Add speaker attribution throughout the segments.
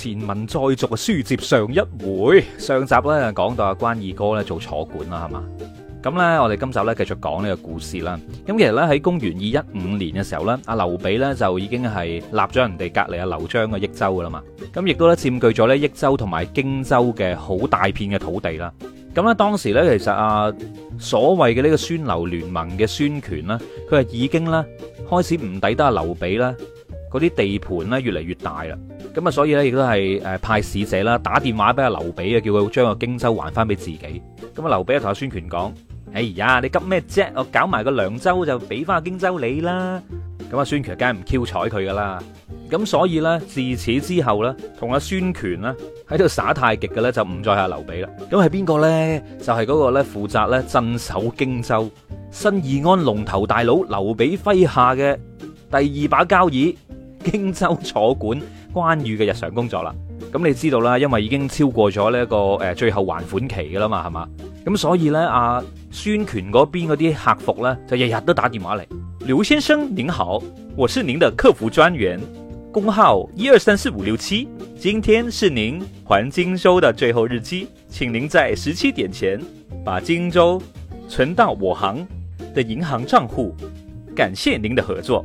Speaker 1: 前文再續，書接上一回，上集咧就講到阿關二哥咧做坐館啦，係嘛？咁咧，我哋今集咧繼續講呢個故事啦。咁其實咧喺公元二一五年嘅時候咧，阿劉備咧就已經係立咗人哋隔籬阿劉璋嘅益州噶啦嘛。咁亦都咧佔據咗咧益州同埋荊州嘅好大片嘅土地啦。咁咧當時咧其實、啊、所謂嘅呢個孫劉聯盟嘅孫權咧，佢係已經咧開始唔抵得阿劉備咧嗰啲地盤咧越嚟越大啦。咁啊，所以咧，亦都係誒派使者啦，打電話俾阿劉備啊，叫佢將個荊州還翻俾自己。咁啊，劉備啊，同阿孫權講：哎呀，你急咩啫？我搞埋個涼州就俾翻個荊州你啦。咁啊，孫權梗係唔 Q 睬佢噶啦。咁所以咧，自此之後咧，同阿孫權呢喺度耍太極嘅咧，就唔再係劉備啦。咁係邊個咧？就係、是、嗰個咧負責咧鎮守荊州新義安龍頭大佬劉備麾下嘅第二把交椅荊州坐館。關羽嘅日常工作啦，咁你知道啦，因為已經超過咗呢、這個誒、呃、最後還款期噶啦嘛，係嘛，咁所以呢，阿孫權嗰邊嗰啲客服呢，就日日都打電話嚟，劉先生您好，我是您的客服專員，工號一二三四五六七，今天是您還荊州的最後日期，請您在十七點前把荊州存到我行的銀行賬戶，感謝您的合作。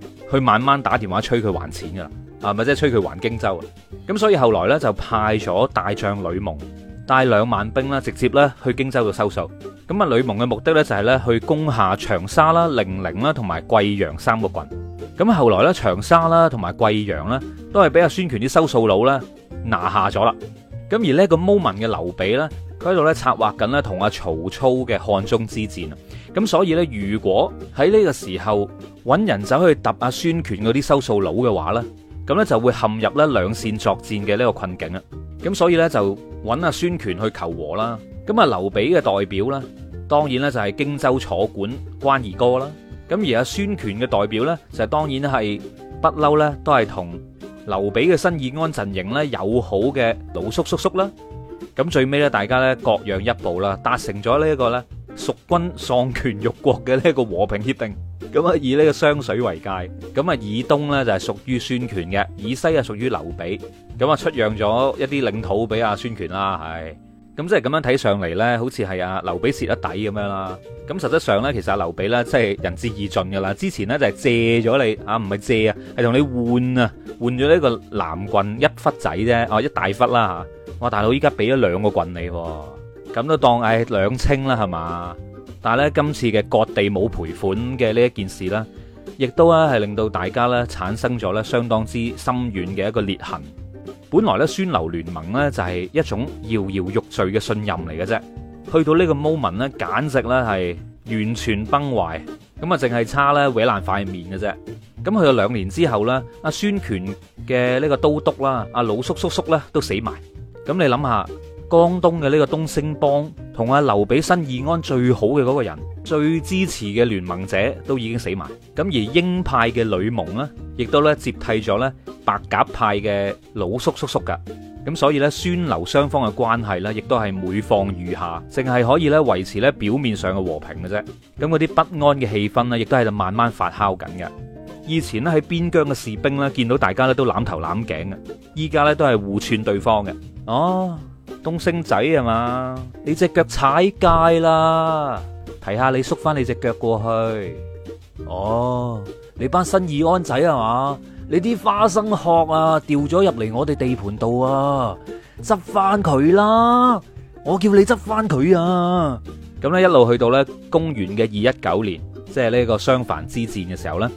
Speaker 1: 去慢慢打電話催佢還錢噶啦，咪即係催佢還荊州啊！咁、就是、所以後來呢，就派咗大將呂蒙帶兩萬兵啦，直接咧去荊州度收數。咁啊呂蒙嘅目的呢，就係呢去攻下長沙啦、零陵啦同埋桂陽三個郡。咁後來呢，長沙啦同埋桂陽呢，都係俾阿孫權啲收數佬呢拿下咗啦。咁而呢一個 moment 嘅劉備呢，喺度咧策劃緊咧同阿曹操嘅漢中之戰啊，咁所以呢，如果喺呢個時候揾人走去揼阿孫權嗰啲收數佬嘅話呢，咁呢就會陷入咧兩線作戰嘅呢個困境啊，咁所以呢，就揾阿孫權去求和啦，咁啊劉備嘅代表呢，當然呢就係荊州坐館關二哥啦，咁而阿孫權嘅代表呢，就係當然係不嬲呢都係同劉備嘅新義安陣營呢友好嘅老叔叔叔啦。咁最尾咧，大家咧各讓一步啦，達成咗呢一個咧蜀軍喪權辱國嘅呢一個和平協定。咁啊，以呢個湘水為界，咁啊以東咧就係屬於孫權嘅，以西啊屬於劉備。咁啊出讓咗一啲領土俾阿孫權啦，係咁即係咁樣睇上嚟咧，好似係阿劉備蝕得底咁樣啦。咁實質上咧，其實阿劉備咧即係仁至義盡噶啦。之前咧就係借咗你啊，唔係借啊，係同你換啊，換咗呢個南郡一忽仔啫，哦一大忽啦吓。我大佬依家俾咗兩個棍你，咁都當係兩清啦，係嘛？但係咧，今次嘅割地冇賠款嘅呢一件事呢，亦都咧係令到大家咧產生咗咧相當之深遠嘅一個裂痕。本來咧，孫劉聯盟呢就係一種搖搖欲墜嘅信任嚟嘅啫，去到呢個 moment 呢，簡直咧係完全崩壞，咁啊，淨係差咧毀爛塊面嘅啫。咁去到兩年之後呢，阿孫權嘅呢個都督啦，阿魯叔叔叔咧都死埋。咁你諗下，江東嘅呢個東星幫同阿劉備新義安最好嘅嗰個人、最支持嘅聯盟者都已經死埋。咁而鷹派嘅呂蒙呢，亦都咧接替咗咧白鴿派嘅老叔叔叔㗎。咁所以流雙呢，孫劉雙方嘅關係呢，亦都係每況愈下，淨係可以咧維持咧表面上嘅和平嘅啫。咁嗰啲不安嘅氣氛呢，亦都係度慢慢發酵緊嘅。以前呢，喺邊疆嘅士兵呢，見到大家咧都攬頭攬頸嘅，依家咧都係互串對方嘅。哦，東星仔係嘛？是嗎，你隻腳踩界啦，提下你縮翻你隻腳過去。哦，你班新義安仔係嘛？你啲花生殼啊，掉咗入嚟我哋地盤度啊，執翻佢啦！我叫你執翻佢啊！咁咧一路去到咧，公元嘅二一九年，即係呢個襄樊之戰嘅時候咧。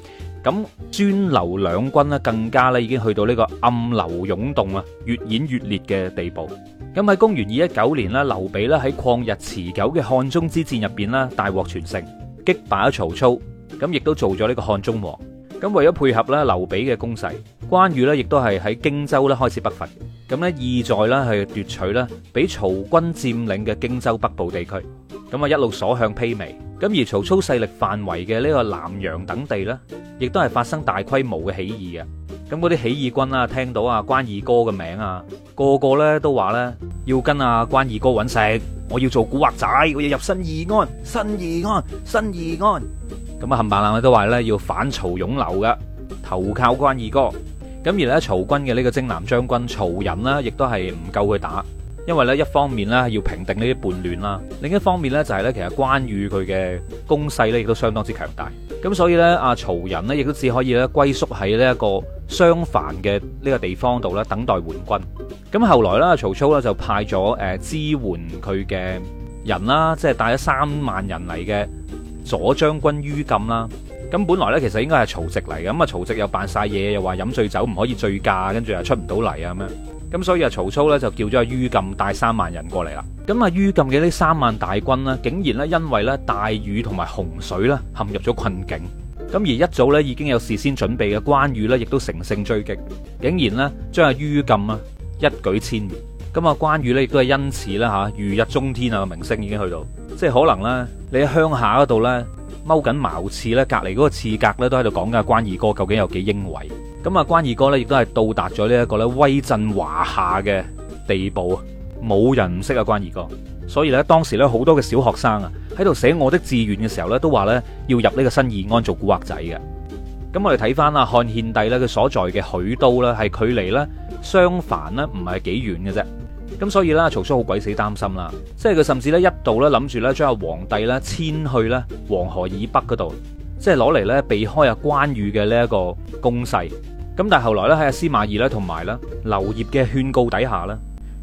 Speaker 1: 咁孫劉兩軍咧，更加咧，已經去到呢個暗流湧動啊，越演越烈嘅地步。咁喺公元二一九年咧，劉備咧喺曠日持久嘅漢中之戰入邊咧，大獲全勝，擊敗咗曹操，咁亦都做咗呢個漢中王。咁為咗配合咧，劉備嘅攻勢，關羽咧亦都係喺荊州咧開始北伐，咁咧意在咧係奪取咧，俾曹軍佔領嘅荊州北部地區。咁啊一路所向披靡，咁而曹操勢力範圍嘅呢個南陽等地呢，亦都係發生大規模嘅起義啊，咁嗰啲起義軍啊，聽到啊關二哥嘅名啊，個個呢都話呢要跟啊關二哥揾食，我要做古惑仔，我要入新義安，新義安，新義安，咁啊冚唪唥都話呢要反曹擁劉㗎，投靠關二哥。咁而呢，曹軍嘅呢個征南將軍曹仁呢，亦都係唔夠佢打。因為咧一方面咧要平定呢啲叛亂啦，另一方面咧就係咧其實關羽佢嘅攻勢咧亦都相當之強大，咁所以咧阿曹仁呢亦都只可以咧龜縮喺呢一個襄樊嘅呢個地方度咧等待援軍。咁後來咧曹操咧就派咗誒支援佢嘅人啦，即係帶咗三萬人嚟嘅左將軍于禁啦。咁本來咧其實應該係曹植嚟嘅，咁啊曹植又扮晒嘢，又話飲醉酒唔可以醉駕，跟住又出唔到嚟啊咁樣。咁所以啊，曹操咧就叫咗阿于禁帶三萬人過嚟啦。咁啊，于禁嘅呢三萬大軍呢，竟然咧因為咧大雨同埋洪水咧陷入咗困境。咁而一早咧已經有事先準備嘅關羽呢，亦都乘勝追擊，竟然呢，將阿于禁啊一舉殲滅。咁啊，關羽呢，亦都係因此啦吓如日中天啊，個明星已經去到，即係可能咧你喺鄉下嗰度咧踎緊茅廁咧，隔籬嗰個廁格咧都喺度講緊，關二哥究竟有幾英偉？咁啊關二哥咧，亦都係到達咗呢一個咧威震華夏嘅地步啊！冇人唔識啊關二哥。所以咧，當時咧好多嘅小學生啊，喺度寫我的志願嘅時候咧，都話咧要入呢個新義安做古惑仔嘅。咁我哋睇翻，啊漢獻帝咧，佢所在嘅許都咧，係距離咧襄樊咧唔係幾遠嘅啫。咁所以呢，曹操好鬼死擔心啦，即係佢甚至咧一度咧諗住咧將阿皇帝咧遷去咧黃河以北嗰度，即係攞嚟咧避開啊關羽嘅呢一個攻勢。咁但係後來咧喺阿司馬懿咧同埋咧劉燁嘅勸告底下咧，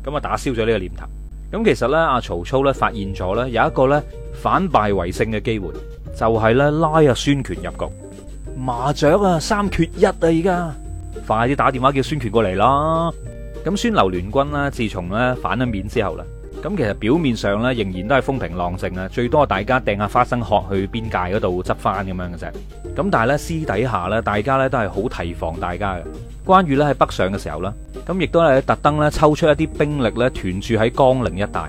Speaker 1: 咁啊打消咗呢個念頭。咁其實咧阿曹操咧發現咗咧有一個咧反敗為勝嘅機會，就係咧拉阿孫權入局。麻雀啊三缺一啊，而家快啲打電話叫孫權過嚟啦。咁孫劉聯軍啦，自從咧反咗面之後啦。咁其實表面上呢，仍然都係風平浪靜，最多大家掟下花生殼去邊界嗰度執翻咁樣嘅啫。咁但係呢，私底下呢，大家呢都係好提防大家嘅。關羽呢喺北上嘅時候呢，咁亦都係特登呢抽出一啲兵力呢，屯駐喺江陵一帶。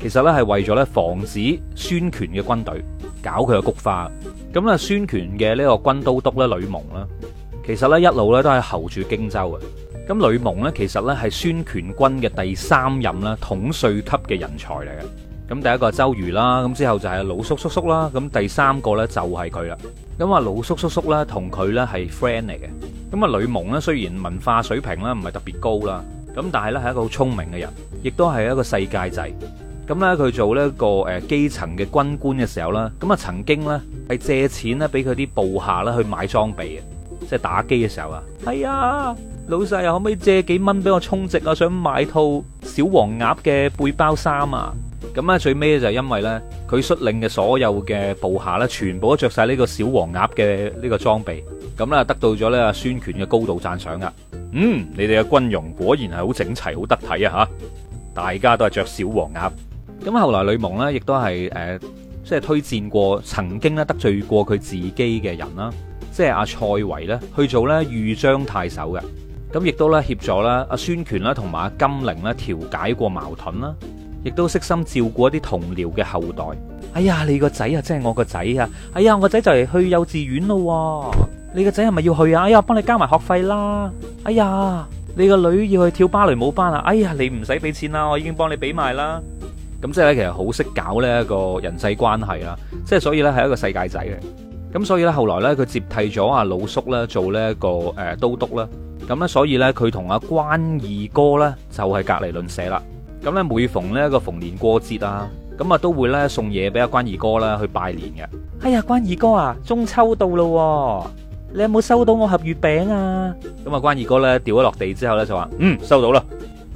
Speaker 1: 其實呢，係為咗呢防止孫權嘅軍隊搞佢嘅菊花。咁咧孫權嘅呢個軍都督呢，呂蒙啦，其實呢一路呢，都係候住荊州。咁呂蒙咧，其實咧係孫權軍嘅第三任啦，統帥級嘅人才嚟嘅。咁第一個係周瑜啦，咁之後就係阿魯叔叔叔啦，咁第三個咧就係佢啦。咁啊，魯叔叔叔咧同佢咧係 friend 嚟嘅。咁啊，呂蒙咧雖然文化水平咧唔係特別高啦，咁但係咧係一個好聰明嘅人，亦都係一個世界仔。咁咧佢做呢一個誒基層嘅軍官嘅時候咧，咁啊曾經咧係借錢咧俾佢啲部下咧去買裝備嘅，即係打機嘅時候啊，係啊。老細又可唔可以借幾蚊俾我充值啊？想買套小黃鴨嘅背包衫啊！咁啊，最尾就係因為呢，佢率領嘅所有嘅部下呢，全部都着晒呢個小黃鴨嘅呢個裝備，咁啦，得到咗呢阿孫權嘅高度讚賞㗎！嗯，你哋嘅軍容果然係好整齊，好得體啊！吓，大家都係着小黃鴨。咁後來呂蒙呢，亦都係誒、呃，即係推薦過曾經咧得罪過佢自己嘅人啦，即係阿、啊、蔡維呢，去做呢豫章太守嘅。咁亦都咧協助啦，阿孫權啦同埋阿金陵啦調解過矛盾啦，亦都悉心照顧一啲同僚嘅後代哎哎是是哎。哎呀，你個仔啊，即係我個仔啊！哎呀，我個仔就嚟去幼稚園咯，你個仔係咪要去啊？哎呀，幫你交埋學費啦！哎呀，你個女要去跳芭蕾舞班啊？哎呀，你唔使俾錢啦，我已經幫你俾埋啦。咁即係咧，其實好識搞呢一個人際關係啦，即係所以咧係一個世界仔嚟。咁所以咧後來咧佢接替咗阿老叔咧做呢、這、一個誒、呃、都督啦。咁咧，所以咧，佢同阿關二哥咧就係隔籬鄰舍啦。咁咧，每逢呢一個逢年過節啊，咁啊都會咧送嘢俾阿關二哥啦，去拜年嘅。哎呀，關二哥啊，中秋到咯喎，你有冇收到我盒月餅啊？咁啊，關二哥咧掉咗落地之後咧就話：嗯，收到啦。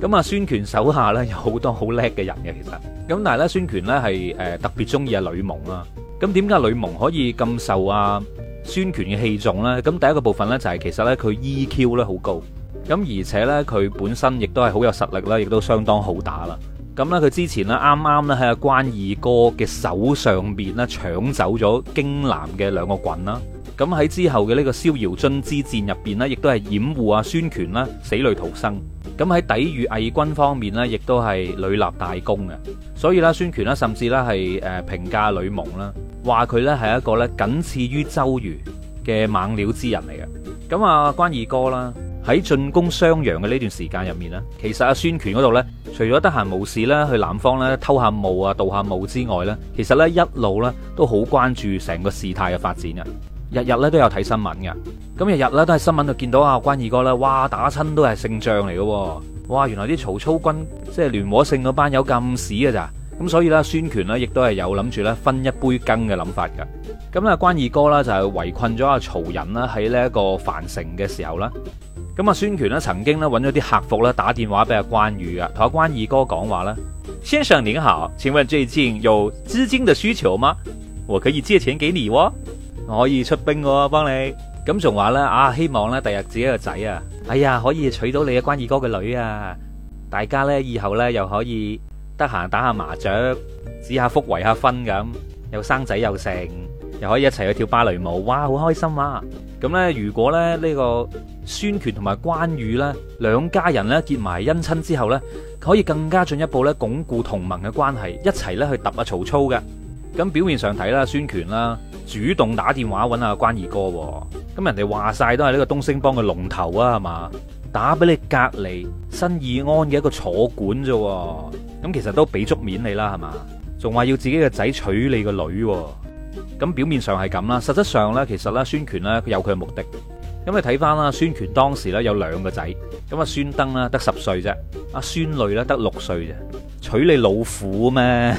Speaker 1: 咁啊，孫權手下咧有好多好叻嘅人嘅，其實。咁但係咧，孫權咧係誒特別中意阿呂蒙啊。咁點解呂蒙可以咁受啊？孫權嘅器重呢，咁第一個部分呢，就係其實呢，佢 EQ 呢好高，咁而且呢，佢本身亦都係好有實力啦，亦都相當好打啦。咁呢，佢之前呢，啱啱呢，喺阿關二哥嘅手上邊呢，搶走咗荊南嘅兩個郡啦。咁喺之後嘅呢個逍遙津之戰入邊呢，亦都係掩護阿孫權啦，死裏逃生。咁喺抵禦魏軍方面呢，亦都係屢立大功嘅。所以啦，孫權啦，甚至啦係誒評價呂蒙啦，話佢呢係一個咧僅次於周瑜嘅猛料之人嚟嘅。咁啊關二哥啦，喺進攻襄陽嘅呢段時間入面呢，其實阿、啊、孫權嗰度呢，除咗得閒無事啦去南方呢偷下墓啊盜下墓之外呢，其實呢一路呢都好關注成個事態嘅發展嘅。日日咧都有睇新聞嘅，咁日日咧都喺新聞就見到阿關二哥啦，哇打親都係勝仗嚟嘅，哇原來啲曹操軍即係聯和勝嗰班有咁屎嘅咋，咁所以咧孫權呢亦都係有諗住咧分一杯羹嘅諗法㗎。咁咧關二哥呢，就係圍困咗阿曹仁啦喺呢一個樊城嘅時候啦，咁啊孫權呢曾經咧揾咗啲客服咧打電話俾阿關羽嘅，同阿關二哥講話啦：先生您好，請問最近有資金的需求嗎？我可以借錢給你喎、哦。可以出兵喎，幫你咁，仲話呢，啊，希望呢，第日自己個仔啊，哎呀可以娶到你啊關二哥嘅女啊，大家呢，以後呢，又可以得閒打下麻雀，指下福圍下婚咁，又生仔又成，又可以一齊去跳芭蕾舞，哇好開心啊！咁呢，如果呢，呢、呢個孫權同埋關羽呢，兩家人呢結埋姻親之後呢，可以更加進一步呢，鞏固同盟嘅關係，一齊呢，去揼阿曹操嘅。咁表面上睇啦，孫權啦主動打電話揾阿關二哥，咁人哋話晒都係呢個東星幫嘅龍頭啊，係嘛？打俾你隔離新義安嘅一個坐館啫，咁其實都俾足面你啦，係嘛？仲話要自己嘅仔娶你個女，咁表面上係咁啦，實質上呢，其實啦孫權呢，佢有佢嘅目的，咁你睇翻啦，孫權當時呢，有兩個仔，咁阿孫登呢，得十歲啫，阿孫磊呢，得六歲啫，娶你老虎咩？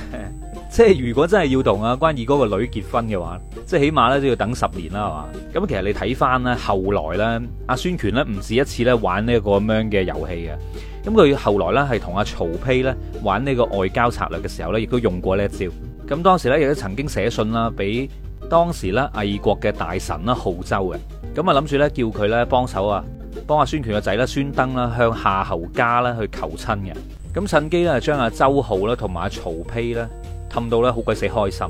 Speaker 1: 即係如果真係要同阿關二哥個女結婚嘅話，即係起碼咧都要等十年啦，係嘛？咁其實你睇翻，呢後來呢阿孫權呢唔止一次咧玩呢個咁樣嘅遊戲嘅。咁佢後來呢係同阿曹丕呢玩呢個外交策略嘅時候呢，亦都用過呢一招。咁當時呢亦都曾經寫信啦，俾當時呢魏國嘅大臣啦，浩州嘅咁啊，諗住呢叫佢呢幫手啊，幫阿孫權個仔啦，孫登啦，向夏侯家啦去求親嘅。咁趁機呢，將阿周浩啦同埋阿曹丕呢。氹到咧，好鬼死開心。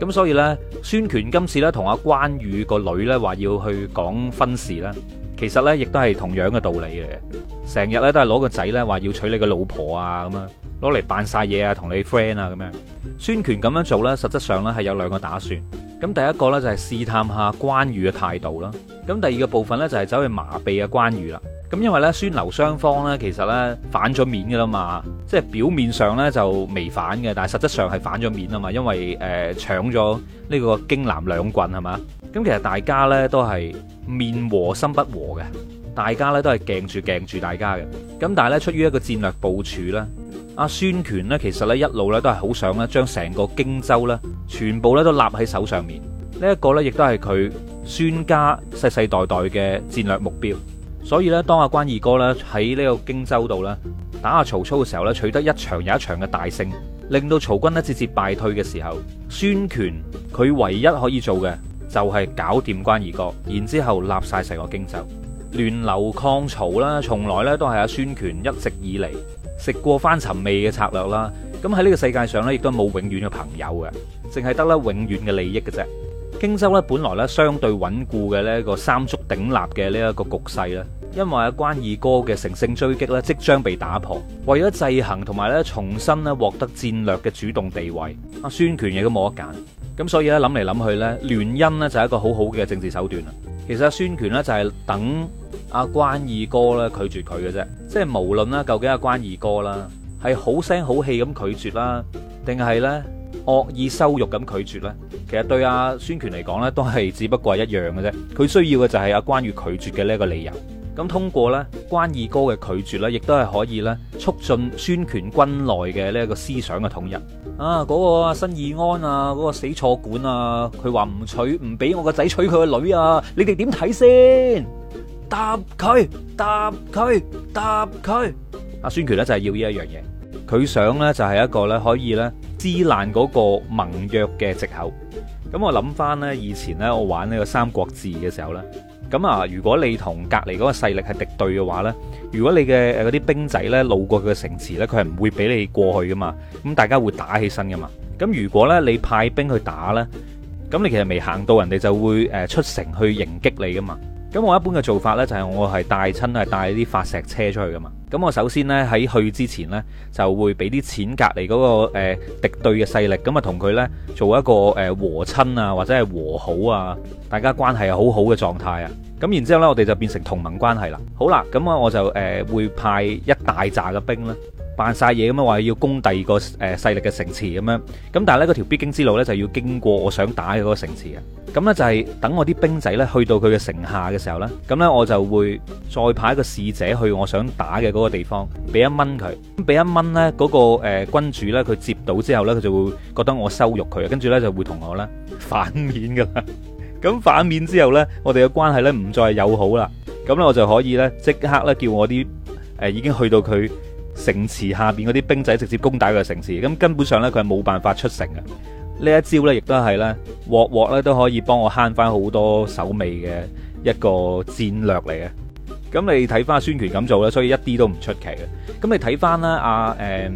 Speaker 1: 咁所以呢，孫權今次咧同阿關羽個女呢話要去講婚事呢。其實呢，亦都係同樣嘅道理嘅。成日呢，都係攞個仔呢話要娶你個老婆啊咁樣，攞嚟扮晒嘢啊，同你 friend 啊咁樣。孫權咁樣做呢，實質上呢，係有兩個打算。咁第一個呢，就係試探下關羽嘅態度啦。咁第二個部分呢，就係走去麻痹阿關羽啦。咁因為呢，孫劉雙方呢，其實呢，反咗面㗎喇嘛，即係表面上呢，就未反嘅，但係實質上係反咗面㗎嘛，因為誒搶咗呢個荊南兩郡係嘛。咁其實大家呢，都係面和心不和嘅，大家呢都係鏡住鏡住大家嘅。咁但係呢，出於一個戰略部署呢，阿孫權呢，其實呢，一路呢，都係好想呢將成個荊州呢，全部呢，都立喺手上面。呢、這、一個呢，亦都係佢孫家世世代代嘅戰略目標。所以咧，當阿關二哥咧喺呢個荊州度咧打下曹操嘅時候咧，取得一場又一場嘅大勝，令到曹軍咧節節敗退嘅時候，孫權佢唯一可以做嘅就係搞掂關二哥，然之後立晒成個荊州，聯劉抗曹啦，從來咧都係阿孫權一直以嚟食過翻尋味嘅策略啦。咁喺呢個世界上咧，亦都冇永遠嘅朋友嘅，淨係得啦永遠嘅利益嘅啫。荊州咧本來咧相對穩固嘅咧個三足鼎立嘅呢一個局勢咧，因為阿關二哥嘅乘勝追擊咧即將被打破，為咗制衡同埋咧重新咧獲得戰略嘅主動地位，阿孫權亦都冇得揀。咁所以咧諗嚟諗去咧聯姻呢就係一個好好嘅政治手段啦。其實阿孫權呢，就係等阿關二哥咧拒絕佢嘅啫，即係無論啦究竟阿關二哥啦係好聲好氣咁拒絕啦，定係咧惡意羞辱咁拒絕咧？其實對阿、啊、孫權嚟講咧，都係只不過係一樣嘅啫。佢需要嘅就係阿、啊、關羽拒絕嘅呢一個理由。咁通過咧關二哥嘅拒絕咧，亦都係可以咧促進孫權軍內嘅呢一個思想嘅統一。啊，嗰、那個新義安啊，嗰、那個死坐館啊，佢話唔娶唔俾我個仔娶佢個女啊，你哋點睇先？答佢，答佢，答佢。阿、啊、孫權咧就係、是、要呢一樣嘢，佢想咧就係、是、一個咧可以咧撕爛嗰個盟約嘅借口。咁我諗翻呢，以前呢，我玩呢個三國志嘅時候呢，咁啊，如果你同隔籬嗰個勢力係敵對嘅話呢，如果你嘅誒嗰啲兵仔呢，路過佢嘅城池呢，佢係唔會俾你過去噶嘛，咁大家會打起身噶嘛。咁如果呢，你派兵去打呢，咁你其實未行到人哋就會誒出城去迎擊你噶嘛。咁我一般嘅做法呢，就係、是、我係帶親係帶啲發石車出去噶嘛。咁我首先呢，喺去之前呢，就會俾啲錢隔離嗰個敵、呃、敵對嘅勢力，咁啊同佢呢做一個、呃、和親啊，或者係和好啊，大家關係好好嘅狀態啊。咁然之後呢，我哋就變成同盟關係啦。好啦，咁啊我就誒、呃、會派一大扎嘅兵啦。扮晒嘢咁樣，話要攻第二個勢力嘅城池咁樣咁，但係咧嗰條必經之路咧，就要經過我想打嘅嗰個城池嘅咁咧，就係等我啲兵仔咧去到佢嘅城下嘅時候咧，咁咧我就會再派一個使者去我想打嘅嗰個地方，俾一蚊佢，俾一蚊咧嗰個君主咧，佢接到之後咧，佢就會覺得我羞辱佢，跟住咧就會同我咧反面噶啦。咁 反面之後咧，我哋嘅關係咧唔再友好啦。咁咧我就可以咧即刻咧叫我啲已經去到佢城池下邊嗰啲兵仔直接攻打佢城池，咁根本上呢，佢係冇辦法出城嘅。呢一招呢，亦都係呢鑊鑊呢，鑊鑊都可以幫我慳翻好多手尾嘅一個戰略嚟嘅。咁你睇翻阿孫權咁做呢，所以一啲都唔出奇嘅。咁你睇翻咧阿誒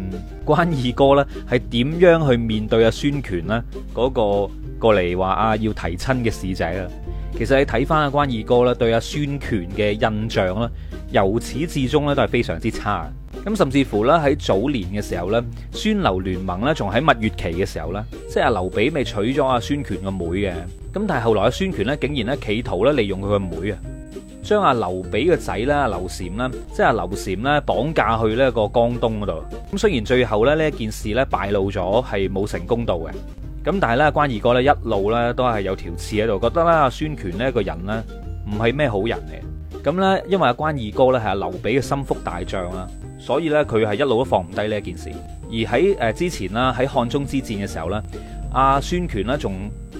Speaker 1: 關二哥呢，係點樣去面對阿、啊、孫權呢嗰、嗰個過嚟話啊要提親嘅使者啊？其實你睇翻阿關二哥呢，對阿、啊、孫權嘅印象呢，由始至終呢，都係非常之差。咁甚至乎咧，喺早年嘅時候咧，孫劉聯盟咧，仲喺蜜月期嘅時候咧，即係阿劉備咪娶咗阿孫權個妹嘅。咁但係後來阿孫權咧，竟然咧企圖咧利用佢個妹啊，將阿劉備個仔啦，劉禪啦，即係阿劉禪咧，綁架去呢個江東嗰度。咁雖然最後咧呢一件事咧敗露咗，係冇成功到嘅。咁但係咧關二哥咧一路咧都係有條刺喺度，覺得咧阿孫權呢一個人咧唔係咩好人嚟。咁咧因為阿關二哥咧係阿劉備嘅心腹大將啦。所以咧，佢係一路都放唔低呢一件事。而喺之前啦，喺漢中之戰嘅時候咧，阿孫權呢，仲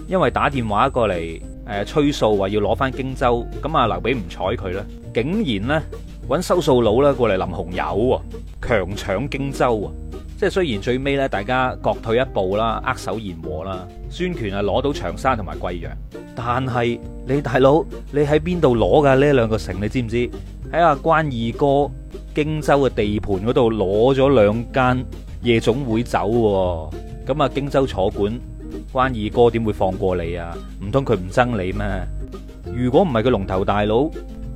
Speaker 1: 因為打電話過嚟催數，話要攞翻荊州。咁啊，劉備唔睬佢啦，竟然咧揾收數佬咧過嚟淋紅油喎，強搶荊州啊！即係雖然最尾咧，大家各退一步啦，握手言和啦。孫權啊攞到長沙同埋桂陽，但係你大佬，你喺邊度攞噶呢兩個城？你知唔知？喺阿關二哥荊州嘅地盤嗰度攞咗兩間夜總會走，咁啊荊州坐館關二哥點會放過你啊？唔通佢唔憎你咩？如果唔係佢龍頭大佬，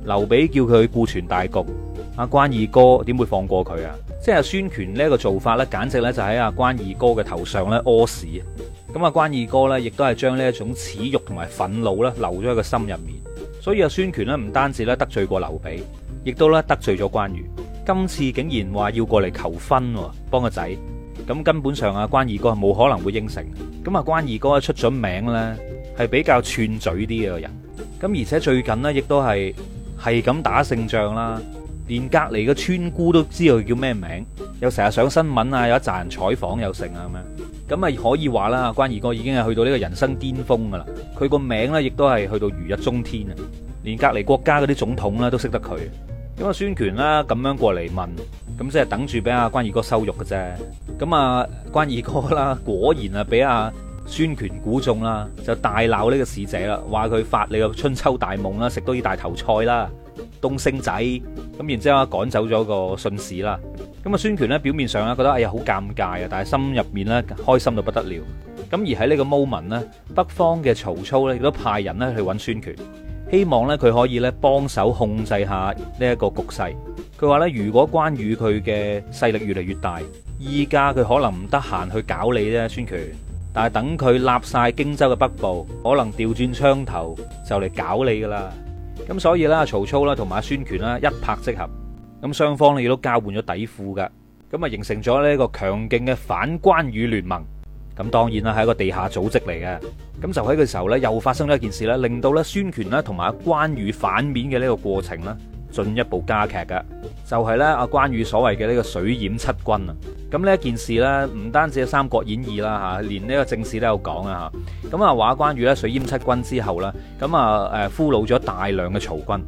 Speaker 1: 劉備叫佢顧全大局，阿關二哥點會放過佢啊？即係啊，孫權呢個做法呢，簡直呢就喺阿關二哥嘅頭上呢屙屎。咁啊，關二哥呢亦都係將呢一種恥辱同埋憤怒呢留咗喺個心入面。所以啊，孫權呢唔單止呢得罪過劉備，亦都呢得罪咗關羽。今次竟然話要過嚟求婚喎，幫個仔咁根本上啊關二哥係冇可能會應承，咁啊關二哥出咗名呢，係比較串嘴啲嘅人，咁而且最近呢，亦都係係咁打勝仗啦，連隔離個村姑都知道佢叫咩名，又成日上新聞啊，有一紮人採訪又成啊咁樣，咁啊可以話啦，關二哥已經係去到呢個人生巔峰噶啦，佢個名呢，亦都係去到如日中天啊，連隔離國家嗰啲總統咧都識得佢。因啊孫權啦咁樣過嚟問，咁即係等住俾阿關二哥收肉嘅啫。咁啊，關二哥啦，果然啊俾阿孫權估中啦，就大鬧呢個使者啦，話佢發你個春秋大夢啦，食多啲大頭菜啦，東升仔咁，然之後啊趕走咗個信使啦。咁啊，孫權呢，表面上啊覺得哎呀好尷尬啊，但係心入面呢，開心到不得了。咁而喺呢個 moment 呢，北方嘅曹操呢，亦都派人去揾孫權。希望咧佢可以咧幫手控制下呢一個局勢。佢話咧，如果關羽佢嘅勢力越嚟越大，依家佢可能唔得閒去搞你啫，孫權。但係等佢立晒荊州嘅北部，可能調轉槍頭就嚟搞你噶啦。咁所以啦，曹操啦同埋阿孫權啦一拍即合，咁雙方咧亦都交換咗底褲㗎，咁啊形成咗呢一個強勁嘅反關羽聯盟。咁當然啦，係一個地下組織嚟嘅。咁就喺個時候呢，又發生咗一件事咧，令到呢孫權咧同埋關羽反面嘅呢個過程呢進一步加劇嘅。就係呢，阿關羽所謂嘅呢個水淹七軍啊。咁呢件事呢，唔單止係《三國演義》啦嚇，連呢個正史都有講啊。咁啊，話關羽呢，水淹七軍之後呢，咁啊誒俘虜咗大量嘅曹軍。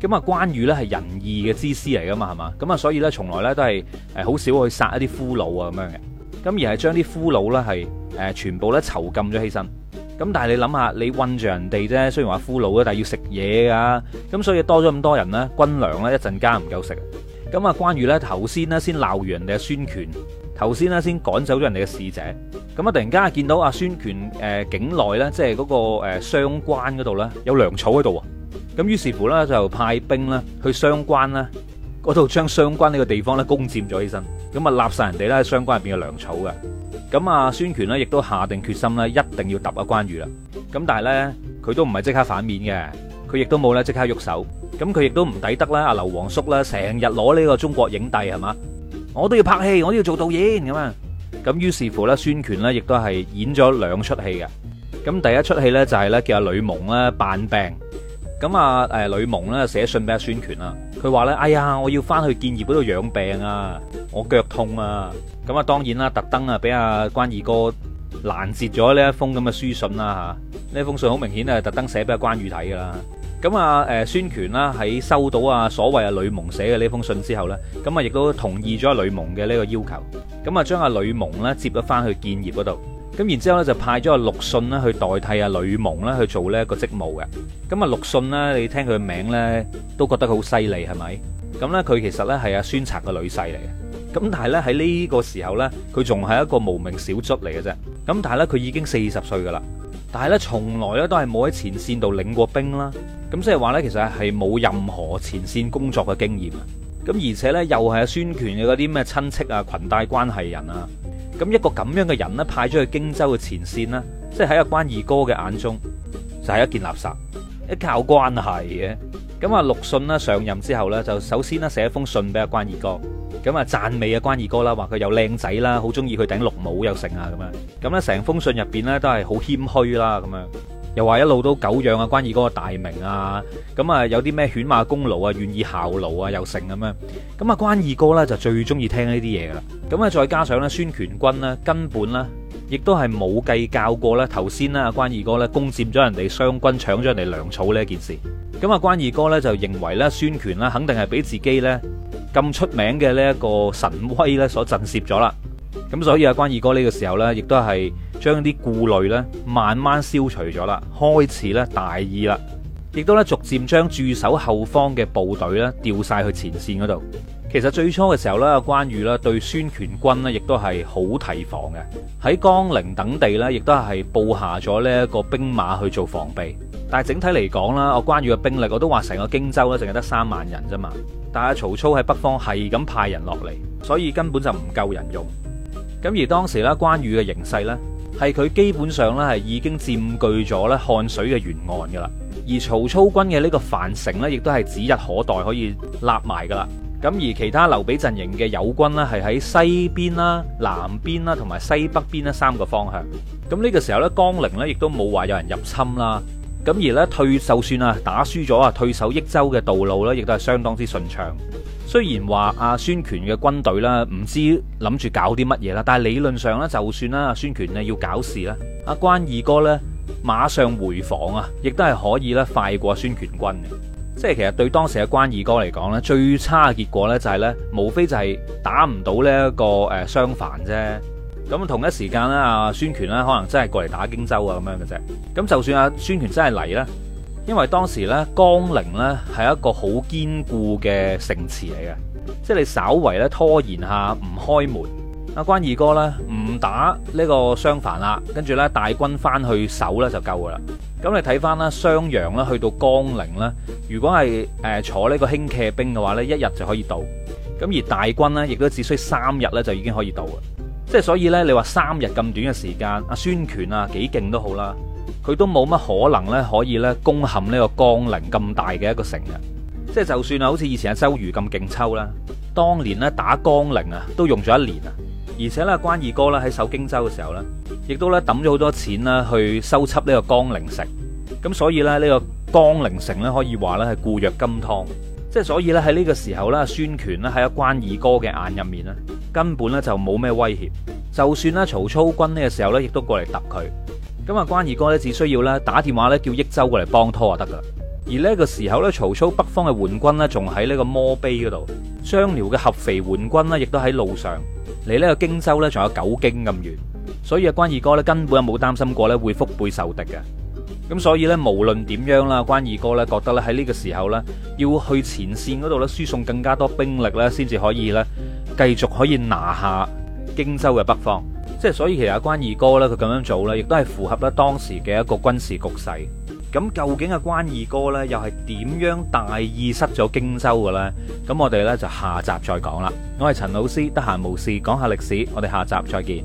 Speaker 1: 咁啊，關羽呢係仁義嘅之師嚟噶嘛，係嘛？咁啊，所以呢，從來呢都係誒好少去殺一啲俘虜啊咁樣嘅。咁而係將啲俘虜咧係全部咧囚禁咗起身，咁但係你諗下，你困住人哋啫，雖然話俘虜啦，但係要食嘢㗎。咁所以多咗咁多人呢，軍糧咧一陣間唔夠食。咁啊，關羽呢頭先呢先鬧完人哋阿孫權，頭先呢先趕走咗人哋嘅使者，咁啊突然間見到阿孫權誒境內呢，即係嗰個湘關嗰度呢，有糧草喺度喎，咁於是乎呢，就派兵呢去湘關啦。嗰度將相關呢個地方咧攻佔咗起身，咁啊，擸晒人哋咧相關入邊嘅糧草噶，咁啊，孫權呢亦都下定決心咧，一定要揼啊關羽啦，咁但係呢，佢都唔係即刻反面嘅，佢亦都冇咧即刻喐手，咁佢亦都唔抵得啦，啊，阿劉皇叔啦，成日攞呢個中國影帝係嘛，我都要拍戲，我都要做導演咁啊，咁於是乎呢，孫權呢亦都係演咗兩出戲嘅，咁第一出戲呢，就係、是、呢叫阿呂蒙咧扮病。咁啊，誒，呂蒙咧寫信俾阿孫權啦，佢話咧，哎呀，我要翻去建業嗰度養病啊，我腳痛啊，咁啊，當然啦，特登啊，俾阿關二哥攔截咗呢一封咁嘅書信啦吓，呢封信好明顯啊，特登寫俾阿關羽睇噶啦。咁啊，誒，孫權啦喺收到啊所謂啊呂蒙寫嘅呢封信之後咧，咁啊，亦都同意咗呂蒙嘅呢個要求，咁啊，將阿呂蒙咧接咗翻去建業嗰度。咁然之後咧，就派咗阿陸遜咧去代替阿呂蒙咧去做一個職，呢個職務嘅。咁啊，陸遜咧，你聽佢名咧，都覺得佢好犀利係咪？咁咧，佢其實咧係阿孫策嘅女婿嚟嘅。咁但係咧，喺呢個時候咧，佢仲係一個無名小卒嚟嘅啫。咁但係咧，佢已經四十歲㗎啦。但係咧，從來咧都係冇喺前線度領過兵啦。咁即係話咧，其實係冇任何前線工作嘅經驗。咁而且咧，又係阿孫權嘅嗰啲咩親戚啊、裙帶關係人啊。咁一個咁樣嘅人呢，派咗去荊州嘅前線啦，即係喺阿關二哥嘅眼中就係、是、一件垃圾，一靠關係嘅。咁啊，陸遜呢上任之後呢，就首先呢寫一封信俾阿關二哥，咁啊讚美阿關二哥啦，話佢又靚仔啦，好中意佢頂綠帽又成啊咁樣。咁咧成封信入面呢，都係好謙虛啦咁樣。又話一路都久仰啊，關二哥嘅大名啊，咁啊有啲咩犬馬功勞啊，願意效勞啊，又成咁樣。咁啊關二哥呢就最中意聽呢啲嘢啦。咁啊，再加上呢，孫權軍呢，根本呢，亦都係冇計較過呢頭先啦，關二哥呢，攻佔咗人哋湘軍，搶咗人哋糧草呢件事。咁啊關二哥呢，就認為呢，孫權呢，肯定係俾自己呢，咁出名嘅呢一個神威呢，所震懾咗啦。咁所以阿關二哥呢個時候呢，亦都係將啲顧慮呢慢慢消除咗啦，開始咧大意啦，亦都咧逐漸將駐守後方嘅部隊咧調晒去前線嗰度。其實最初嘅時候呢，關羽呢對孫權軍呢亦都係好提防嘅，喺江陵等地呢，亦都係布下咗呢一個兵馬去做防備。但係整體嚟講啦，我關羽嘅兵力我都話成個荊州咧淨係得三萬人啫嘛。但係曹操喺北方係咁派人落嚟，所以根本就唔夠人用。咁而當時咧，關羽嘅形勢咧，係佢基本上咧係已經佔據咗咧漢水嘅沿岸噶啦，而曹操軍嘅呢個樊城咧，亦都係指日可待可以立埋噶啦。咁而其他劉備陣營嘅友軍咧，係喺西邊啦、南邊啦同埋西北邊啦三個方向。咁呢個時候咧，江陵咧亦都冇話有人入侵啦。咁而咧退就算啊，打輸咗啊，退守益州嘅道路咧，亦都係相當之順暢。雖然話阿孫權嘅軍隊啦，唔知諗住搞啲乜嘢啦，但係理論上咧，就算啦，阿孫權要搞事，阿關二哥咧馬上回防啊，亦都係可以咧快過孫權軍嘅。即係其實對當時阿關二哥嚟講咧，最差嘅結果咧就係咧，無非就係打唔到呢一個誒襄樊啫。咁同一時間咧，阿孫權咧可能真係過嚟打荊州啊咁樣嘅啫。咁就算阿孫權真係嚟因為當時呢江陵呢係一個好堅固嘅城池嚟嘅，即係你稍為咧拖延下唔開門，阿關二哥呢唔打呢個襄樊啦，跟住呢大軍翻去守咧就夠噶啦。咁你睇翻咧襄陽呢去到江陵呢，如果係誒坐呢個輕騎兵嘅話呢，一日就可以到。咁而大軍呢亦都只需要三日呢就已經可以到嘅，即係所以呢，你話三日咁短嘅時間，阿孫權啊幾勁都好啦。佢都冇乜可能咧，可以咧攻陷呢個江陵咁大嘅一個城嘅，即係就算啊，好似以前阿周瑜咁勁抽啦，當年咧打江陵啊，都用咗一年啊，而且咧關二哥咧喺守荊州嘅時候咧，亦都咧抌咗好多錢啦去收葺呢個江陵城，咁所以咧呢個江陵城咧可以話咧係固若金湯，即係所以咧喺呢個時候咧，孫權咧喺阿關二哥嘅眼入面咧，根本咧就冇咩威脅，就算咧曹操軍呢個時候咧亦都過嚟揼佢。咁啊，關二哥咧只需要咧打電話咧叫益州過嚟幫拖就得噶而呢個時候咧，曹操北方嘅援軍咧仲喺呢個摩陂嗰度，張遼嘅合肥援軍咧亦都喺路上，離呢個荊州咧仲有九京咁遠。所以啊，關二哥咧根本就冇擔心過咧會腹背受敵嘅。咁所以咧，無論點樣啦，關二哥咧覺得咧喺呢個時候咧要去前線嗰度咧輸送更加多兵力咧，先至可以咧繼續可以拿下荊州嘅北方。即係所以其實關二哥咧，佢咁樣做呢，亦都係符合咧當時嘅一個軍事局勢。咁究竟阿關二哥呢，又係點樣大意失咗荊州嘅呢？咁我哋呢，就下集再講啦。我係陳老師，得閒無事講下歷史，我哋下集再見。